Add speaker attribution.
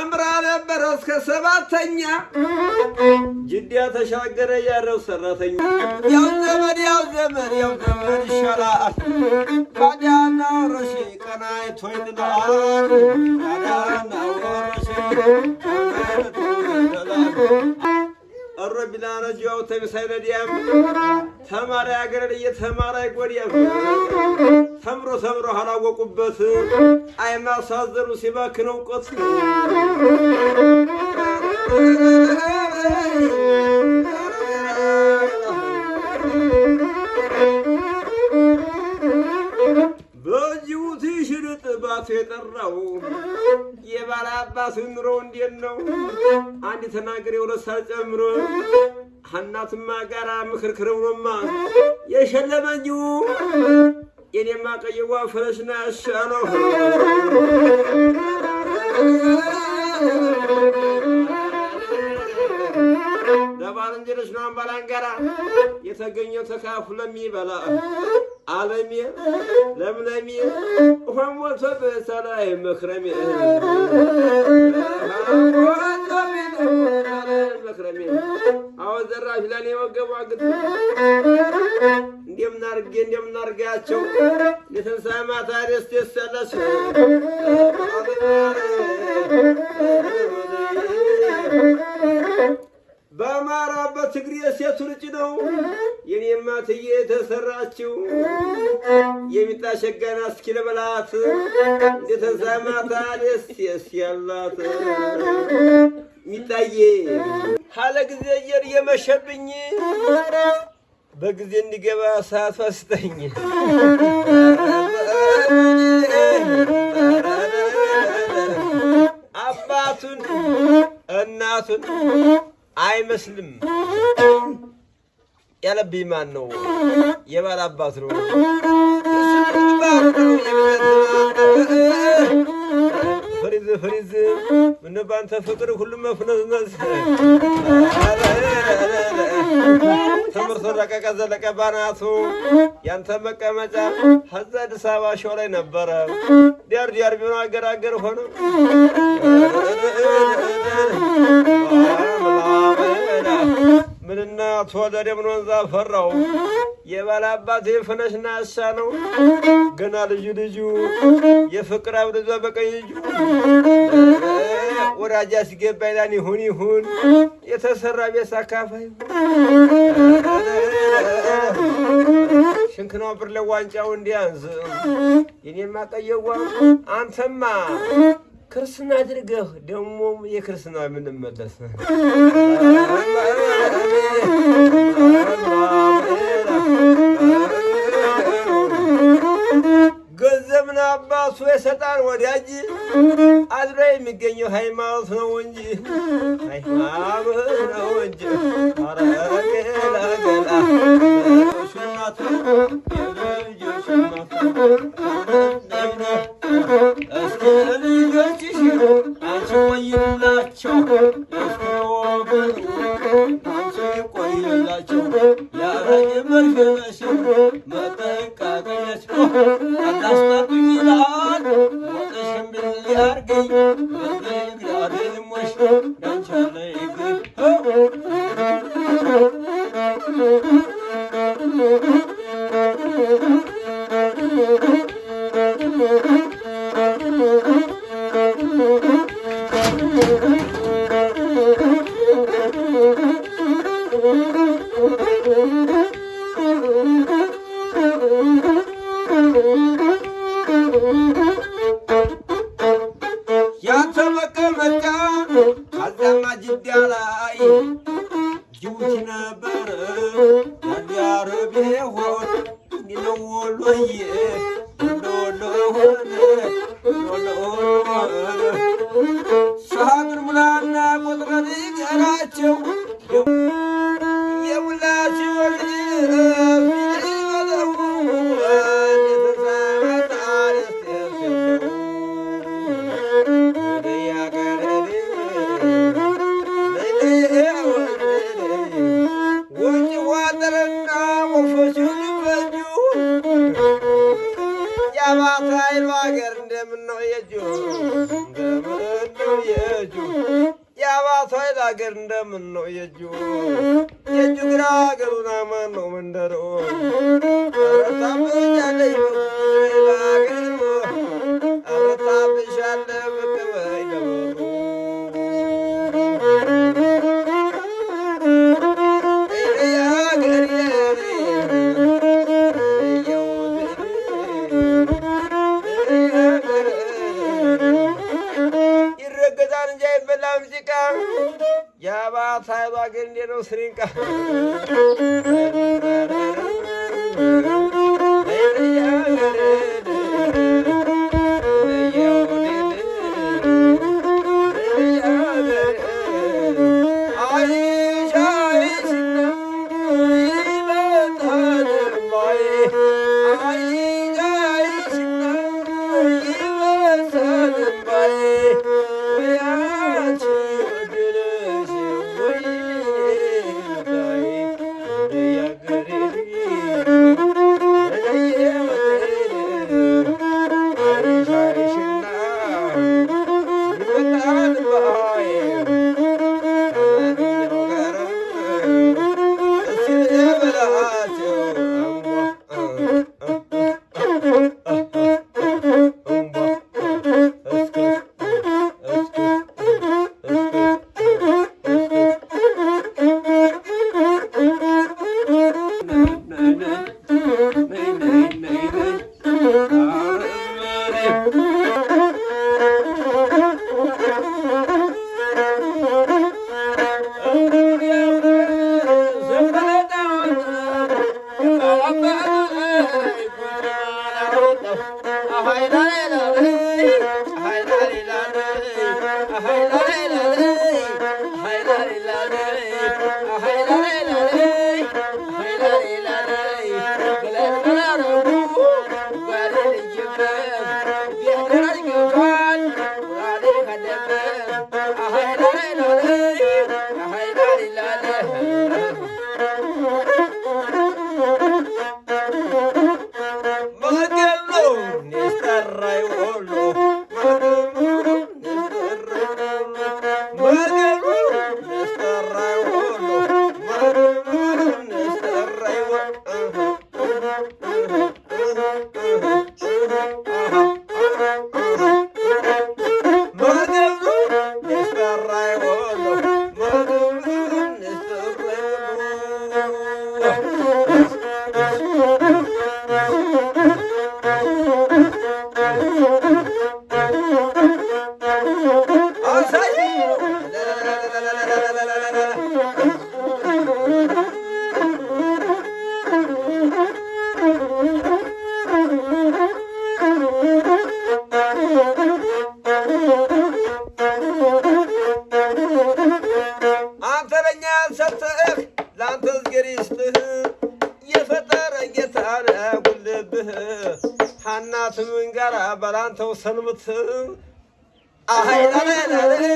Speaker 1: ተምራ ነበረ እስከ ሰባተኛ ጅዳ ተሻገረ ያረው ሰራተኛ ያው ዘመድ ያው ዘመድ ያው ዘመን ይሻላል ታዲያና ወረሽ ቀናይቶ ይንላል ታዲያና ወረሽ ቀሮ ቢላነጃው ተቢሳይለዲያም ተማራ አገረድ እየተማራ ይጎዲያም ተምሮ ተምሮ አላወቁበት አይማሳዘሩ ሲባክን እውቀት በጅቡቲ ሽልጥ ባቱ የጠራው የባላባቱ ኑሮ እንዴት ነው? አንድ ተናገር የሁለት ሳጨምሮ ሀናትማ ጋራ ምክርክርብሮማ የሸለመኝ የኔማ ቀየዋ ፈረሽና ያሻነው ለባልንጀሮች ነው አምባላን ጋራ የተገኘው ተካፉ ለሚበላ አለሜ ለምለሜ ሆሞቶ በሰላይ መክረሜ መክረሜ አሁን ዘራሽ ለኔ የወገቡ አግጥ እንደምናርጌ እንደምናርጋቸው የትንሣኤ ማታ ደስ ደስ ያለሽ በአማራ በትግሬ ሴቱ ልጅ ነው የኔ ማትዬ የተሰራችው የሚጣ ሸጋና እስኪ ልበላት የተዛማታ ደስ ያላት ሚጣዬ ካለ ጊዜ አየር የመሸብኝ በጊዜ እንዲገባ ሰዓት ፈስተኝ አባቱን እናቱን አይመስልም። ያለብኝ ማን ነው? የባል አባት ነው። ፍሪዝ ፍሪዝ ምን ባንተ ፍቅር ሁሉም መፍነዝነዝ ትምህርት ረቀቀ ዘለቀ ባናቱ ያንተ መቀመጫ ሀዛ አዲስ አበባ ሾ ላይ ነበረ። ዲያር ዲያር ቢሆን አገር አገር ሆነ ተወለደ ምኖን ዛፈራው የባላባት የፍነሽና ናሳ ነው ገና ልዩ ልጁ የፍቅር አብደዛ በቀኝ እጁ ወራጃ አስገባ ይላን ይሁን ይሁን የተሰራ ቤት አካፋይ ሽንክናው ብር ለዋንጫው እንዲያንዝ የኔማ ቀየዋ አንተማ ክርስትና አድርገህ ደግሞም የክርስትና የምንመለስ ገንዘብና አባቱ የሰጣን ወዳጅ አድሮ የሚገኘው ሃይማኖት ነው እንጂ ሃይማኖት ነው እንጂ Taşlar duyular, bakışın bilgiler giy. ተመቀመጫ አዛማ ጅዳ ላይ ጅቡቲ ነበር ሳውዲ አረቢያ ሆን እንዲነው ወሎዬ ሆነ ሰሃብን ሙላና ቁጥረን ይቀራቸው የእጁ የእጁ ግራ ገሩና ማን ነው መንደሮ que quien se rica. Thank mm-hmm. you. 倒さぬもつあはいダメダ